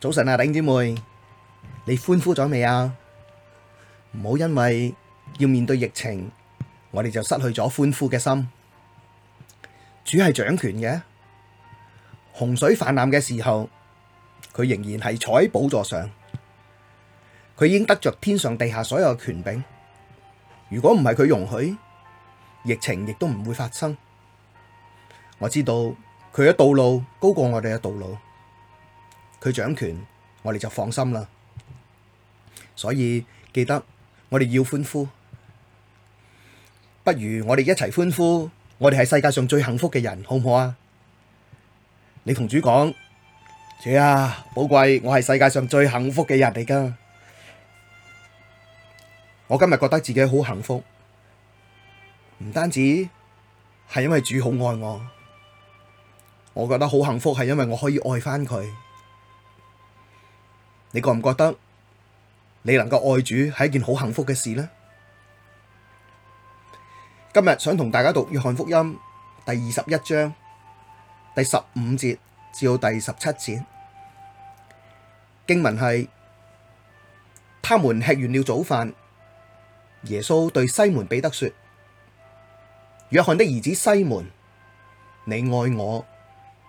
早晨啊，弟兄姊妹，你歡呼咗未啊？唔好因為要面對疫情，我哋就失去咗歡呼嘅心。主係掌權嘅，洪水氾濫嘅時候，佢仍然係坐喺寶座上，佢已經得着天上地下所有嘅權柄。如果唔係佢容許，疫情亦都唔會發生。我知道佢嘅道路高過我哋嘅道路。佢掌權，我哋就放心啦。所以記得，我哋要歡呼，不如我哋一齊歡呼，我哋係世界上最幸福嘅人，好唔好啊？你同主講，姐啊，寶貴，我係世界上最幸福嘅人嚟噶。我今日覺得自己好幸福，唔單止係因為主好愛我，我覺得好幸福係因為我可以愛翻佢。你覺唔覺得你能夠愛主係一件好幸福嘅事呢？今日想同大家讀《約翰福音》第二十一章第十五節至到第十七節經文係：他們吃完了早飯，耶穌對西門彼得說：約翰的兒子西門，你愛我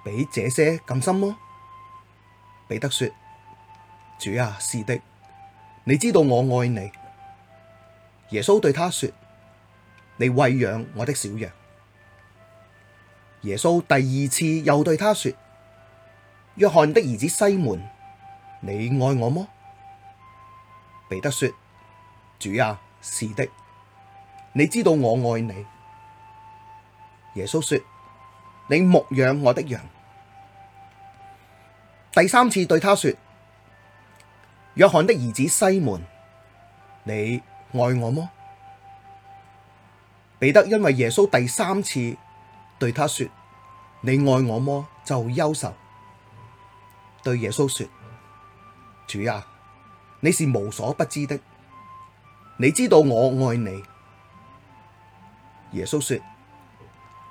比這些更深嗎？彼得說：主啊，是的，你知道我愛你。耶穌對他說：你餵養我的小羊。耶穌第二次又對他說：約翰的兒子西門，你愛我嗎？彼得說：主啊，是的，你知道我愛你。耶穌說：你牧養我的羊。第三次對他說。約翰的兒子西門，你愛我麼？彼得因為耶穌第三次對他說：你愛我麼？就憂愁，對耶穌說：主啊，你是無所不知的，你知道我愛你。耶穌說：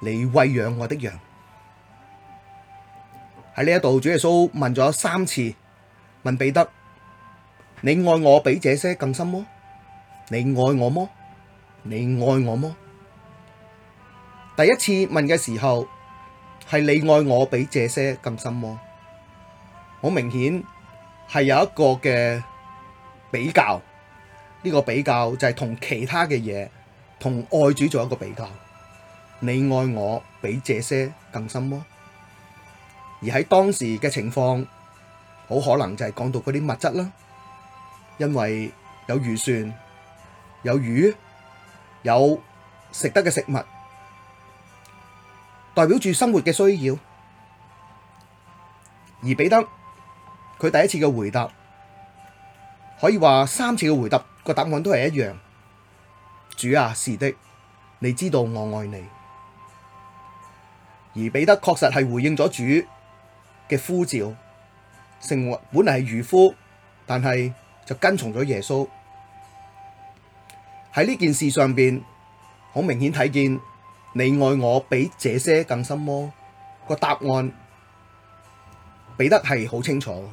你餵養我的羊。喺呢一度，主耶穌問咗三次，問彼得。你愛我比這些更深麼？你愛我麼？你愛我麼？第一次問嘅時候係你愛我比這些更深麼？好明顯係有一個嘅比較，呢個比較就係同其他嘅嘢同愛主做一個比較。你愛我比這些更深麼？而喺當時嘅情況，好可能就係講到嗰啲物質啦。因為有漁船、有魚、有食得嘅食物，代表住生活嘅需要。而彼得佢第一次嘅回答，可以話三次嘅回答個答案都係一樣。主啊，是的，你知道我愛你。而彼得確實係回應咗主嘅呼召，生活本嚟係漁夫，但係。就跟從咗耶穌喺呢件事上邊，好明顯睇見你愛我比這些更深，哦。嗎？個答案彼得係好清楚，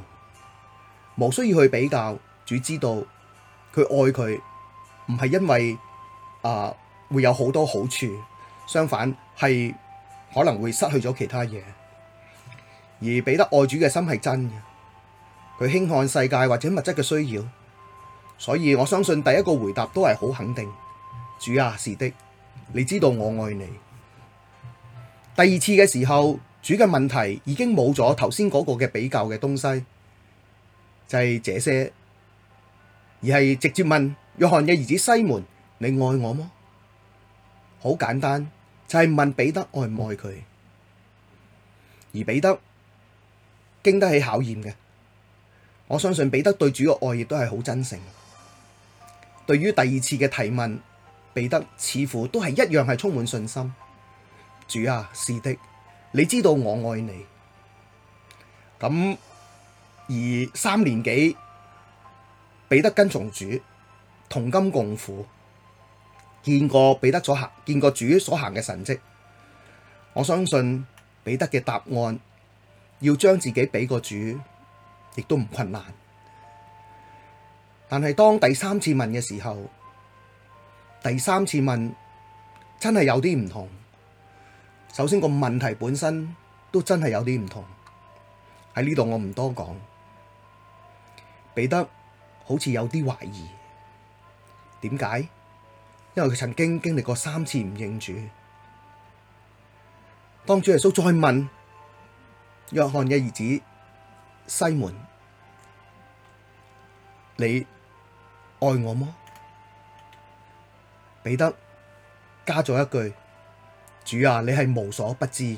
無需要去比較，主知道佢愛佢唔係因為啊、呃、會有好多好處，相反係可能會失去咗其他嘢，而彼得愛主嘅心係真嘅。佢輕看世界或者物質嘅需要，所以我相信第一個回答都係好肯定。主啊，是的，你知道我愛你。第二次嘅時候，主嘅問題已經冇咗頭先嗰個嘅比較嘅東西，就係這些，而係直接問約翰嘅兒子西門：你愛我麼？好簡單，就係問彼得愛唔愛佢，而彼得經得起考驗嘅。我相信彼得對主嘅愛亦都係好真誠。對於第二次嘅提問，彼得似乎都係一樣係充滿信心。主啊，是的，你知道我愛你。咁而三年幾，彼得跟從主，同甘共苦，見過彼得所行，見過主所行嘅神蹟。我相信彼得嘅答案，要將自己俾個主。亦都唔困難，但係當第三次問嘅時候，第三次問真係有啲唔同。首先個問題本身都真係有啲唔同。喺呢度我唔多講。彼得好似有啲懷疑，點解？因為佢曾經經歷過三次唔認主。當主耶穌再問約翰嘅兒子。西門，你愛我麼？彼得加咗一句：主啊，你係無所不知嘅，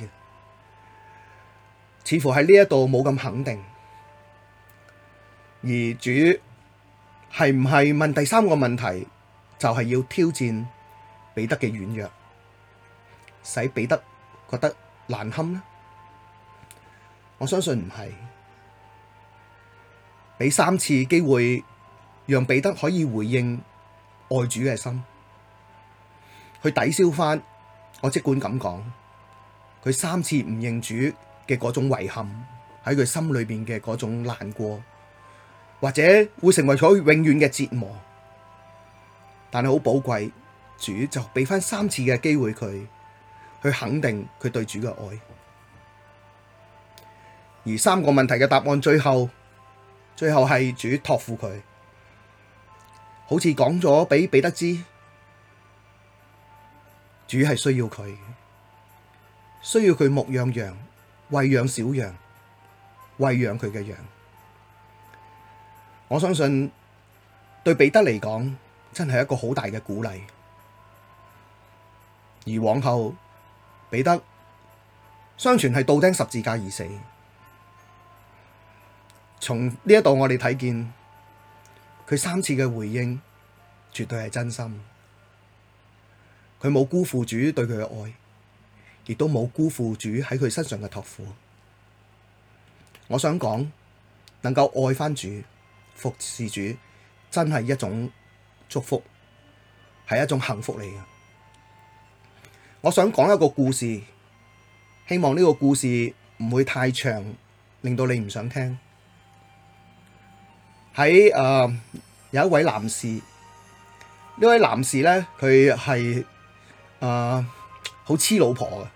似乎喺呢一度冇咁肯定。而主係唔係問第三個問題，就係、是、要挑戰彼得嘅軟弱，使彼得覺得難堪呢？我相信唔係。俾三次機會，讓彼得可以回應愛主嘅心，去抵消翻我即管咁講，佢三次唔認主嘅嗰種遺憾，喺佢心裏面嘅嗰種難過，或者會成為咗永遠嘅折磨。但係好寶貴，主就俾翻三次嘅機會佢，去肯定佢對主嘅愛。而三個問題嘅答案最後。最後係主托付佢，好似講咗俾彼得知，主係需要佢，需要佢牧養羊，餵養小羊，餵養佢嘅羊。我相信對彼得嚟講，真係一個好大嘅鼓勵。而往後彼得相傳係倒釘十字架而死。從呢一度我哋睇見佢三次嘅回應，絕對係真心。佢冇辜負主對佢嘅愛，亦都冇辜負主喺佢身上嘅託付。我想講，能夠愛翻主、服侍主，真係一種祝福，係一種幸福嚟嘅。我想講一個故事，希望呢個故事唔會太長，令到你唔想聽。喺誒、呃、有一位男士，呢位男士咧，佢係誒好黐老婆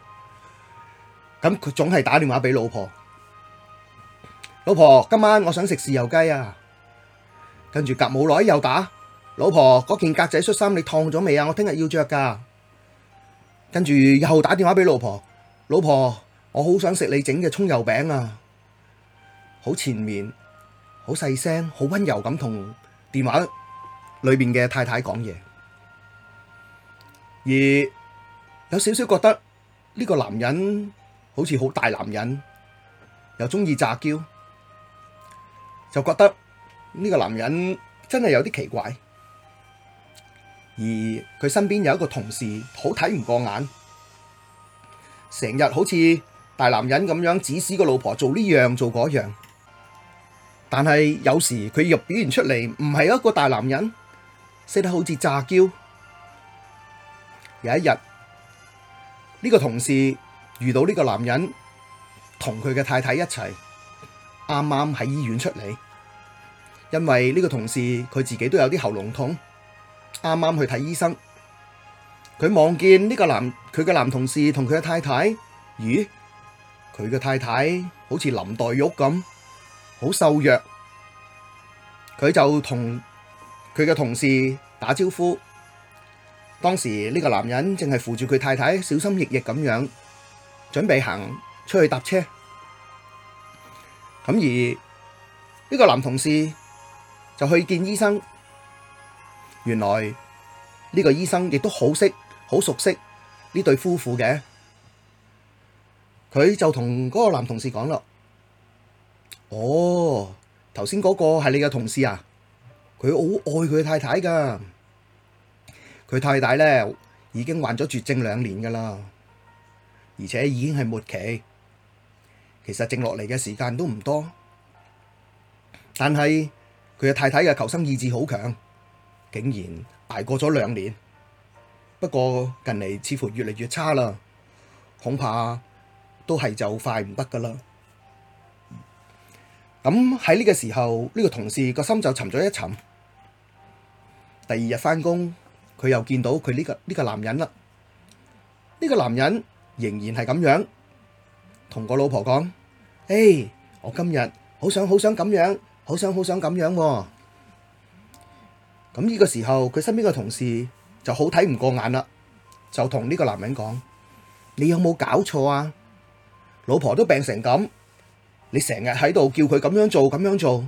嘅，咁佢總係打電話俾老婆。老婆，今晚我想食豉油雞啊！跟住隔冇耐又打，老婆，嗰件格仔恤衫你燙咗未啊？我聽日要着㗎。跟住又打電話俾老婆，老婆，我好想食你整嘅葱油餅啊！好纏綿。好細聲，好溫柔咁同電話裏面嘅太太講嘢，而有少少覺得呢個男人好似好大男人，又中意詐嬌，就覺得呢個男人真係有啲奇怪，而佢身邊有一個同事好睇唔過眼，成日好似大男人咁樣指使個老婆做呢樣做嗰樣。但係有時佢又表現出嚟，唔係一個大男人，識得好似詐嬌。有一日，呢、這個同事遇到呢個男人同佢嘅太太一齊，啱啱喺醫院出嚟，因為呢個同事佢自己都有啲喉嚨痛，啱啱去睇醫生。佢望見呢個男佢嘅男同事同佢嘅太太，咦？佢嘅太太好似林黛玉咁。好瘦弱，佢就同佢嘅同事打招呼。當時呢個男人正係扶住佢太太，小心翼翼咁樣準備行出去搭車。咁而呢個男同事就去見醫生，原來呢個醫生亦都好識、好熟悉呢對夫婦嘅。佢就同嗰個男同事講咯。哦，頭先嗰個係你嘅同事啊？佢好愛佢太太噶，佢太太咧已經患咗絕症兩年噶啦，而且已經係末期，其實剩落嚟嘅時間都唔多，但係佢嘅太太嘅求生意志好強，竟然挨過咗兩年，不過近嚟似乎越嚟越差啦，恐怕都係就快唔得噶啦。咁喺呢個時候，呢個同事個心就沉咗一沉。第二日返工，佢又見到佢呢個呢個男人啦。呢個男人仍然係咁樣，同個老婆講，誒，我今日好想好想咁樣，好想好想咁樣喎。咁呢個時候，佢身邊嘅同事就好睇唔過眼啦，就同呢個男人講，你有冇搞錯啊？老婆都病成咁。你成日喺度叫佢咁樣做咁樣做，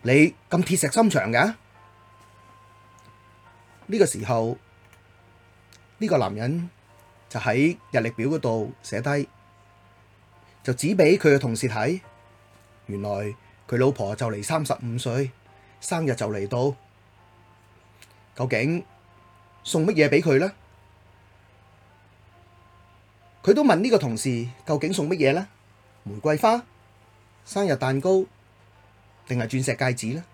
你咁鐵石心腸㗎？呢個時候，呢個男人就喺日曆表嗰度寫低，就指俾佢嘅同事睇。原來佢老婆就嚟三十五歲生日就嚟到，究竟送乜嘢俾佢呢？佢都問呢個同事究竟送乜嘢呢？玫瑰花、生日蛋糕，定係鑽石戒指呢？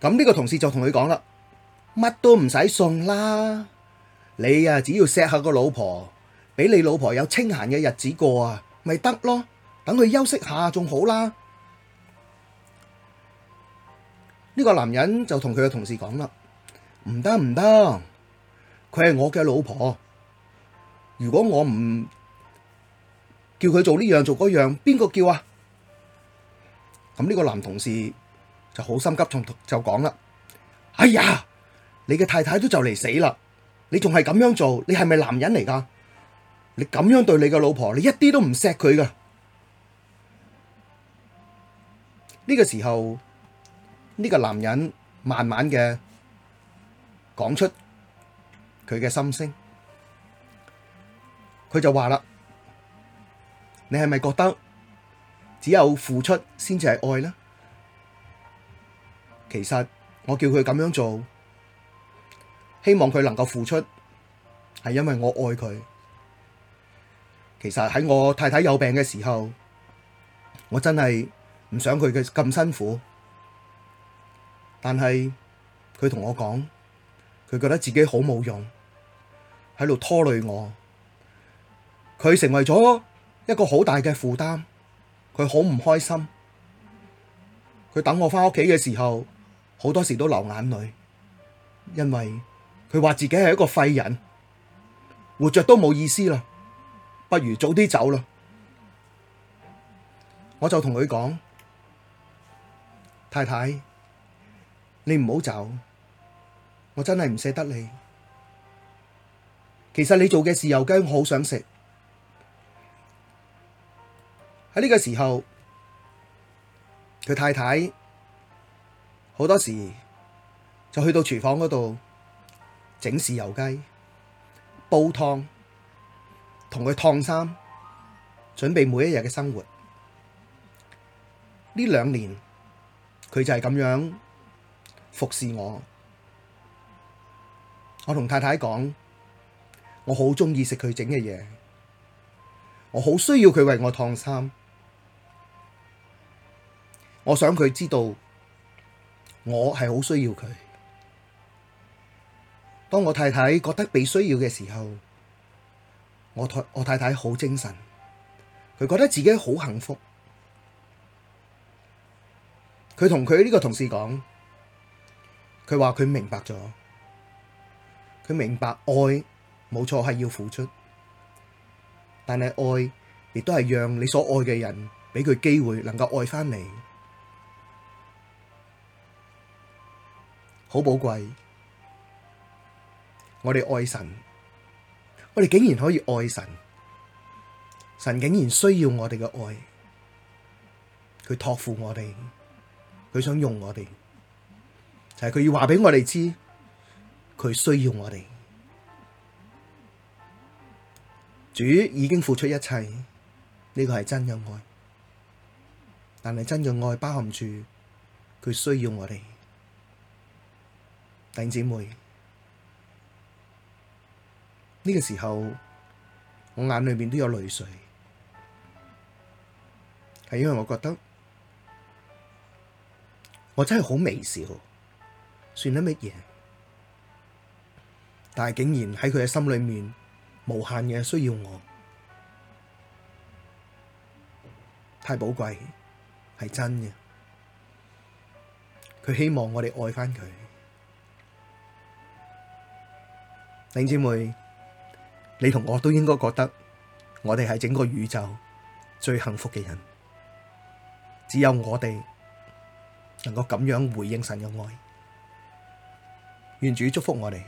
咁呢個同事就同佢講啦：乜都唔使送啦，你啊，只要錫下個老婆，俾你老婆有清閒嘅日子過啊，咪得咯。等佢休息下仲好啦。呢個男人就同佢嘅同事講啦：唔得唔得，佢係我嘅老婆，如果我唔，叫佢做呢樣做嗰樣，邊個叫啊？咁呢個男同事就好心急，就就講啦：哎呀，你嘅太太都就嚟死啦！你仲係咁樣做，你係咪男人嚟噶？你咁樣對你嘅老婆，你一啲都唔錫佢噶。呢個時候，呢個男人慢慢嘅講出佢嘅心聲，佢就話啦。你係咪覺得只有付出先至係愛呢？其實我叫佢咁樣做，希望佢能夠付出，係因為我愛佢。其實喺我太太有病嘅時候，我真係唔想佢嘅咁辛苦，但係佢同我講，佢覺得自己好冇用，喺度拖累我，佢成為咗。一個好大嘅負擔，佢好唔開心。佢等我翻屋企嘅時候，好多時都流眼淚，因為佢話自己係一個廢人，活着都冇意思啦，不如早啲走啦。我就同佢講：太太，你唔好走，我真係唔捨得你。其實你做嘅豉油雞，我好想食。喺呢個時候，佢太太好多時就去到廚房嗰度整豉油雞、煲湯、同佢燙衫，準備每一日嘅生活。呢兩年佢就係咁樣服侍我。我同太太講，我好中意食佢整嘅嘢，我好需要佢為我燙衫。我想佢知道，我係好需要佢。當我太太覺得被需要嘅時候，我我太太好精神，佢覺得自己好幸福。佢同佢呢個同事講，佢話佢明白咗，佢明白愛冇錯係要付出，但係愛亦都係讓你所愛嘅人俾佢機會，能夠愛返你。好寶貴，我哋愛神，我哋竟然可以愛神，神竟然需要我哋嘅愛，佢托付我哋，佢想用我哋，就係、是、佢要話畀我哋知，佢需要我哋，主已經付出一切，呢個係真嘅愛，但係真嘅愛包含住佢需要我哋。弟兄姊妹，呢、這個時候我眼裏面都有淚水，係因為我覺得我真係好微小，算得乜嘢？但係竟然喺佢嘅心裏面無限嘅需要我，太寶貴，係真嘅。佢希望我哋愛返佢。頂姊妹，你同我都應該覺得，我哋係整個宇宙最幸福嘅人，只有我哋能夠咁樣回應神嘅愛，願主祝福我哋。